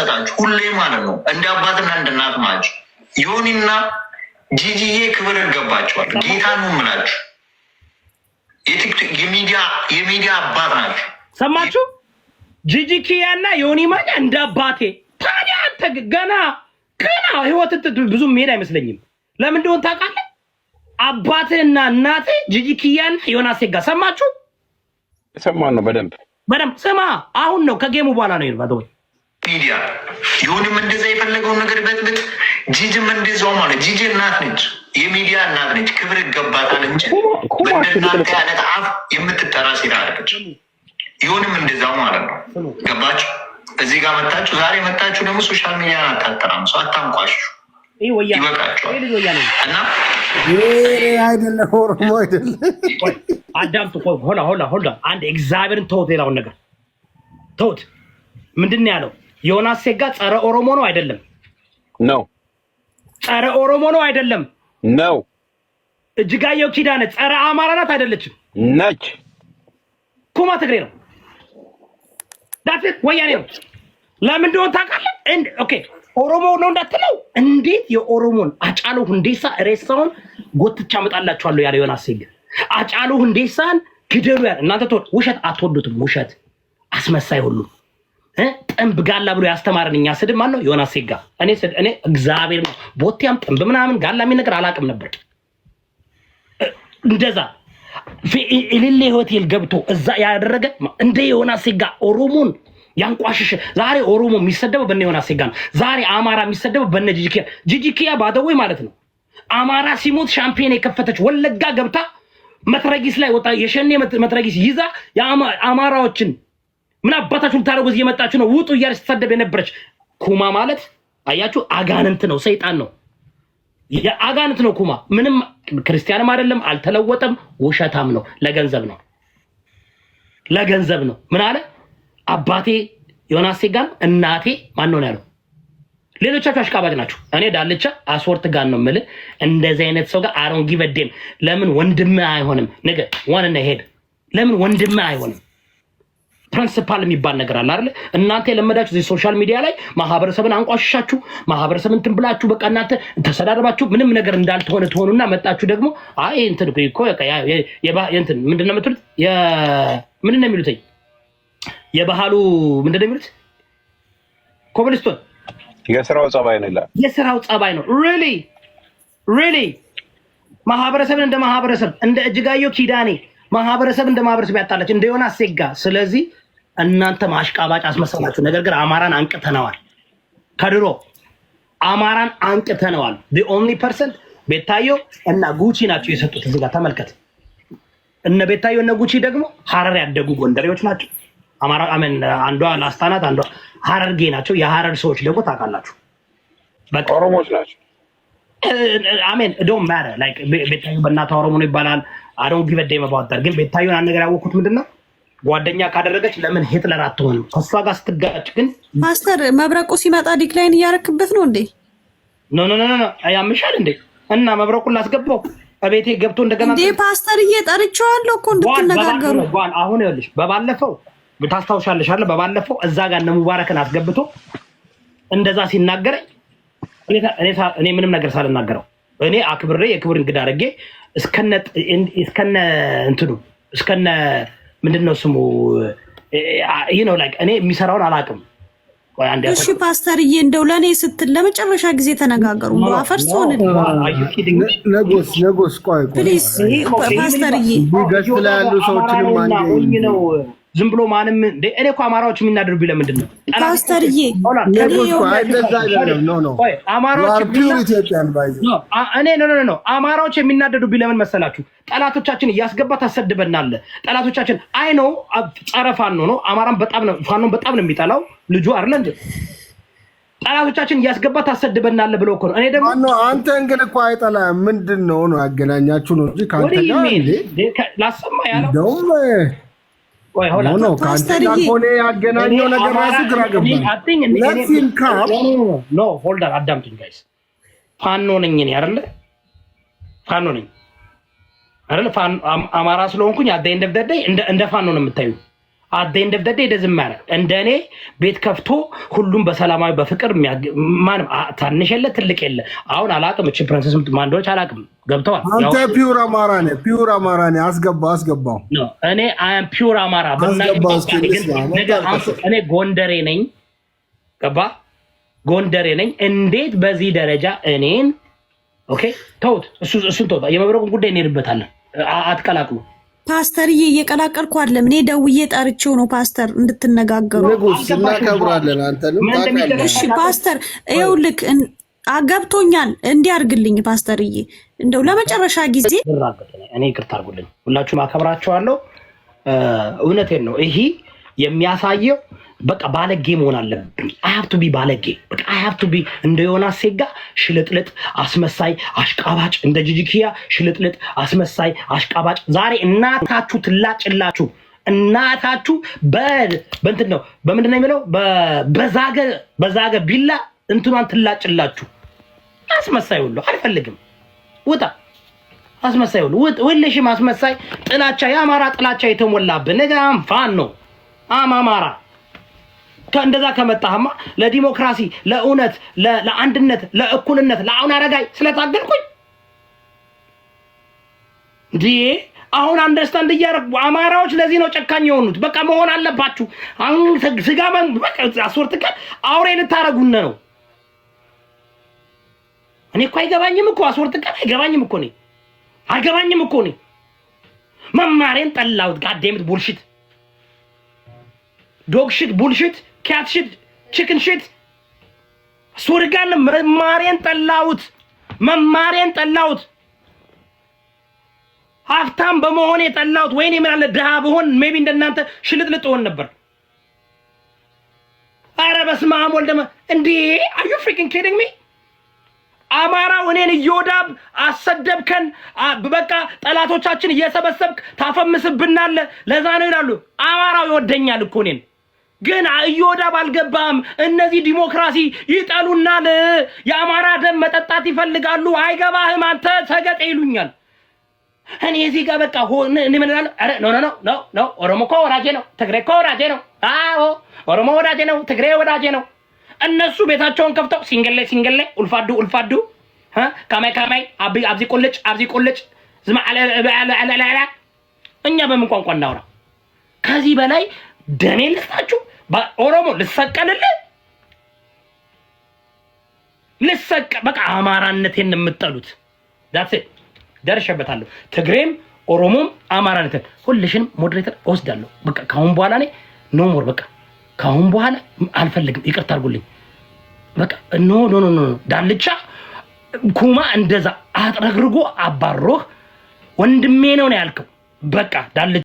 ይሰጣችሁ ሁሌ ማለት ነው። እንደ አባትና እንደ እናት ናቸው። ዮኒና ጂጂዬ ክብር ይገባቸዋል። ጌታ ነው ምላችሁ። የሚዲያ አባት ናቸው። ሰማችሁ? ጂጂ ኪያ እና ዮኒ ማኛ እንደ አባቴ ታዲያ አንተ ገና ገና ህይወት ብዙ መሄድ አይመስለኝም። ለምን እንደሆን ታውቃለህ? አባትህና እናቴ ጂጂ ኪያን ዮናሴ ጋር ሰማችሁ? ሰማ ነው በደንብ በደንብ ስማ። አሁን ነው ከጌሙ በኋላ ነው ይርባ ሚዲያ ይሁንም እንደዛ የፈለገውን ነገር በጥብጥ ጂጅም እንደዛው ማለት ጂጂ እናት ነች፣ የሚዲያ እናት ነች። ክብር ይገባታል እንጂ በእናንተ አይነት አፍ የምትጠራ ሴት አለች። ይሁንም እንደዛው ማለት ነው። ገባችሁ? እዚህ ጋር መታችሁ፣ ዛሬ መታችሁ ደግሞ ሶሻል ሚዲያን አታጠራም። ሰው አታንቋሹ፣ ይበቃችኋል። እና አይደለም ኦሮሞ አይደለም አዳምጡ። ሆላ ሆላ ሆላ አንድ እግዚአብሔርን ተውት፣ ሌላውን ነገር ተውት። ምንድን ነው ያለው? ዮናስ ሴጋ ጸረ ኦሮሞ ነው አይደለም? ነው። ጸረ ኦሮሞ ነው አይደለም? ነው። እጅጋየው ኪዳነ ጸረ አማራ ናት አይደለችም? ነች። ኩማ ትግሬ ነው። ዳት ወያኔ ነው። ለምን እንደሆነ ታውቃለህ? ኦኬ ኦሮሞ ነው እንዳትለው። እንዴት የኦሮሞን አጫሉ ሁንዴሳ ሬሳውን ጎትቻ አመጣላችኋለሁ ያለ ዮናስ ሴጋ አጫሉ ሁንዴሳን ግደሉ ያለ እናንተ ውሸት አትወዱትም። ውሸት አስመሳይ ሁሉም ጠንብ ጋላ ብሎ ያስተማረን እኛ ስድብ ማን ነው? ዮናስ ሴጋ። እኔ እኔ እግዚአብሔር ነው ቦቴያም ጠንብ ምናምን ጋላ የሚል ነገር አላውቅም ነበር። እንደዛ እልሌ ሆቴል ገብቶ እዛ ያደረገ እንደ ዮናስ ሴጋ ኦሮሞን ያንቋሽሽ ዛሬ ኦሮሞ የሚሰደበው በነ ዮናስ ሴጋ ነው። ዛሬ አማራ የሚሰደበው በነ ጂጂኪያ ጂጂኪያ ባደወይ ማለት ነው። አማራ ሲሞት ሻምፒዮን የከፈተች ወለጋ ገብታ መትረጊስ ላይ ወጣ የሸኔ መትረጊስ ይዛ የአማራዎችን ምን አባታችሁ ልታደርጉት እየመጣችሁ ነው? ውጡ እያለ ስትሳደብ የነበረች ኩማ ማለት አያችሁ፣ አጋንንት ነው፣ ሰይጣን ነው፣ የአጋንንት ነው ኩማ። ምንም ክርስቲያንም አይደለም፣ አልተለወጠም፣ ውሸታም ነው። ለገንዘብ ነው፣ ለገንዘብ ነው። ምን አለ አባቴ ዮናሴ ሴጋን እናቴ ማን ነው ያለው? ሌሎቻችሁ አሽቃባጭ ናችሁ። እኔ ዳልቻ አስወርት ጋር ነው የምልህ። እንደዚህ አይነት ሰው ጋር አሮን ጊበዴም ለምን ወንድም አይሆንም? ንገ ዋንና ሄድ ለምን ወንድም አይሆንም? ፕሪንስፓል የሚባል ነገር አለ አይደለ? እናንተ የለመዳችሁ እዚህ ሶሻል ሚዲያ ላይ ማህበረሰብን አንቋሸሻችሁ ማህበረሰብን እንትን ብላችሁ በቃ እናንተ ተሰዳድባችሁ ምንም ነገር እንዳልተሆነ ትሆኑና መጣችሁ ደግሞ አይ እንትን እኮ እንትን ምንድን ነው የምትሉት? ምንድን ነው የሚሉትኝ? የባህሉ ምንድን ነው የሚሉት? ኮብልስቶን የስራው ጸባይ ነው ይላል። የስራው ጸባይ ነው ሪሊ ሪሊ ማህበረሰብን እንደ ማህበረሰብ እንደ እጅጋየሁ ኪዳኔ ማህበረሰብ እንደ ማህበረሰብ ያጣለች እንደ ዮናስ ሴጋ ስለዚህ እናንተም አሽቃባጭ አስመሰላችሁ። ነገር ግን አማራን አንቅተነዋል። ከድሮ አማራን አንቅተነዋል። ኦንሊ ፐርሰንት ቤታዮ እና ጉቺ ናቸው የሰጡት። እዚህ ጋር ተመልከት። እነ ቤታዮ እነ ጉቺ ደግሞ ሀረር ያደጉ ጎንደሬዎች ናቸው። አማራ አሜን፣ አንዷ ላስታ ናት፣ አንዷ ሀረርጌ ናቸው። የሀረር ሰዎች ደግሞ ታውቃላችሁ፣ በቃ ኦሮሞዎች ናቸው። አሜን እዶም ማረ ላይክ ቤታዮ በእናትህ ኦሮሞ ነው ይባላል። አይ ዶንት ጊቭ ግን ቤታዩን አንድ ነገር ያወቅሁት ምንድን ነው ጓደኛ ካደረገች ለምን ሂትለር አትሆንም? ከእሷ ጋር ስትጋጭ ግን ማስተር መብረቁ ሲመጣ ዲክላይን እያረክበት ነው እንዴ? ኖ ኖ ኖ ኖ ያምሻል እንዴ? እና መብረቁን ላስገባው እቤቴ ገብቶ እንደገና እንዴ ፓስተርዬ ጠርቼዋለሁ እኮ እንድትነጋገሩ። አሁን ይኸውልሽ በባለፈው ታስታውሻለሽ አለ በባለፈው እዛ ጋር እነ ሙባረክን አስገብቶ እንደዛ ሲናገረኝ እኔ ምንም ነገር ሳልናገረው እኔ አክብሬ የክብር እንግዳ አድርጌ እስከነ እንትኑ እስከነ ምንድን ነው ስሙ ይህ ነው ላይ እኔ የሚሰራውን አላውቅም። እሺ ፓስተርዬ፣ እንደው ለእኔ ስትል ለመጨረሻ ጊዜ ተነጋገሩ። አፈር ሲሆን ነጎስ ነጎስ ቆይ ፕሊስ ፓስተርዬ ነው ዝም ብሎ ማንም እንደ እኔ እኮ አማራዎች የሚናደዱብኝ ለምንድን ነው? ፓስተርዬ አማራዎች የሚናደዱ ለምን መሰላችሁ? ጠላቶቻችን እያስገባ ታሰድበናለ። ጠላቶቻችን አይ ነው ጸረ ፋኖ ነው። አማራን በጣም ነው ፋኖን በጣም ነው የሚጠላው ልጁ አይደል? ጠላቶቻችን እያስገባ ታሰድበናለ ብሎ እኮ ነው። እኔ ደግሞ አንተ እንግል እኮ አይጠላም ምንድን ነው ነው ያገናኛችሁ ነው እንጂ ከአንተ ጋር ላሰማ ያለው ሆልዳር አዳምጡኝ ጋይስ። ፋኖ ነኝ እኔ አይደለ ፋኖ ነኝ አይደለ አማራ ስለሆንኩኝ አዳይ እንደብዳዳይ እንደ ፋኖ ነው የምታዩ አደንድ ደብደደ ደዝም ማረግ እንደ እኔ ቤት ከፍቶ ሁሉም በሰላማዊ በፍቅር ማንም ታንሽ የለ ትልቅ የለ። አሁን አላቅም፣ እቺ ፕሪንሰስ ማን እንደሆነች አላቅም። ገብተዋል። አንተ ፒውር አማራ ነህ፣ ፒውር አማራ ነህ። አስገባ አስገባው። እኔ አም ፒውር አማራ እኔ ጎንደሬ ነኝ። ገባ ጎንደሬ ነኝ። እንዴት በዚህ ደረጃ እኔን ኦኬ፣ ተውት፣ እሱን ተውት። የመብረቁን ጉዳይ እንሄድበታለን። አትቀላቅሉ ፓስተርዬ እየቀላቀልኩ አይደለም። እኔ ደውዬ ጠርቼው ነው ፓስተር እንድትነጋገሩ። ንጉስ እናከብራለን። አንተንም እሺ ፓስተር ልክ አገብቶኛል። እንዲህ አድርግልኝ ፓስተርዬ፣ እንደው ለመጨረሻ ጊዜ እኔ ይቅርታ አርጉልኝ። ሁላችሁም አከብራቸዋለሁ። እውነቴን ነው። ይሄ የሚያሳየው በቃ ባለጌ መሆን አለብኝ። አይ ሀብ ቱ ቢ ባለጌ በቃ አይ ሀብ ቱ ቢ እንደ ዮናስ ሴጋ ሽልጥልጥ፣ አስመሳይ፣ አሽቃባጭ እንደ ጂጂኪያ ሽልጥልጥ፣ አስመሳይ፣ አሽቃባጭ። ዛሬ እናታችሁ ትላጭላችሁ። እናታችሁ በእንትን ነው በምንድን ነው የሚለው በዛገ በዛገ ቢላ እንትኗን ትላጭላችሁ። አስመሳይ ሁሉ አልፈልግም። ውጣ አስመሳይ ሁሉ ሁልሽም አስመሳይ ጥላቻ፣ የአማራ ጥላቻ የተሞላብን ነገ አንፋን ነው አማማራ ከእንደዛ ከመጣህማ ለዲሞክራሲ፣ ለእውነት፣ ለአንድነት፣ ለእኩልነት፣ ለአሁን አረጋይ ስለታገልኩኝ እንዲህ አሁን አንደርስታንድ እያደረጉ አማራዎች ለዚህ ነው ጨካኝ የሆኑት። በቃ መሆን አለባችሁ። አሁን ስጋ አስወርት ቀን አውሬ ልታረጉን ነው። እኔ እኮ አይገባኝም እኮ አስወርት ቀን አይገባኝም እኮ እኔ አይገባኝም እኮ እኔ መማሬን ጠላሁት። ጋዴምት ቡልሽት ዶግሽት ቡልሽት cat shit, chicken shit ሱርጋን መማሬን ጠላሁት፣ መማሬን ጠላሁት። ሀብታም በመሆኔ ጠላሁት። ወይኔ ምን አለ ድሃ ብሆን ሜቢ እንደናንተ ሽልጥልጥ ሆን ነበር። አረ በስመ አብ ወልደመ እንዴ አር ዩ ፍሪኪንግ ኪዲንግ ሚ አማራው እኔን እዮዳብ አሰደብከን። በቃ ጠላቶቻችን እየሰበሰብክ ታፈምስብናለ። ለዛ ነው ይላሉ። አማራው ይወደኛል እኮ እኔን ግን እዮዳብ ባልገባም እነዚህ ዲሞክራሲ ይጠሉናል፣ የአማራ ደም መጠጣት ይፈልጋሉ። አይገባህም አንተ ሰገጤ ይሉኛል። እኔ እዚህ ጋር በቃ ምንላለ ኖ ኖ ኖ ኖ ኦሮሞ እኮ ወዳጄ ነው፣ ትግሬ እኮ ወዳጄ ነው። አዎ ኦሮሞ ወዳጄ ነው፣ ትግሬ ወዳጄ ነው። እነሱ ቤታቸውን ከፍተው ሲንገሌ ሲንገሌ፣ ኡልፋዱ ኡልፋዱ፣ ከማይ ከማይ፣ አብዚ ቁልጭ አብዚ ቁልጭ፣ ዝማ እኛ በምን ቋንቋ እናውራ? ከዚህ በላይ ደኔ ልስጣችሁ ኦሮሞ ልሰቀልልህ ልሰቀ በቃ አማራነቴን የምጠሉት ዳት ደርሸበታለሁ። ትግሬም ኦሮሞም አማራነትን ሁልሽንም ሞዴሬተር እወስዳለሁ። በቃ ካሁን በኋላ እኔ ኖ ሞር በቃ ካሁን በኋላ አልፈልግም። ይቅርታ አድርጉልኝ። በቃ ኖ ኖ ኖ ኖ ዳልቻ ኩማ እንደዛ አጥረግርጎ አባሮህ ወንድሜ ነው ነው ያልከው። በቃ ዳልቻ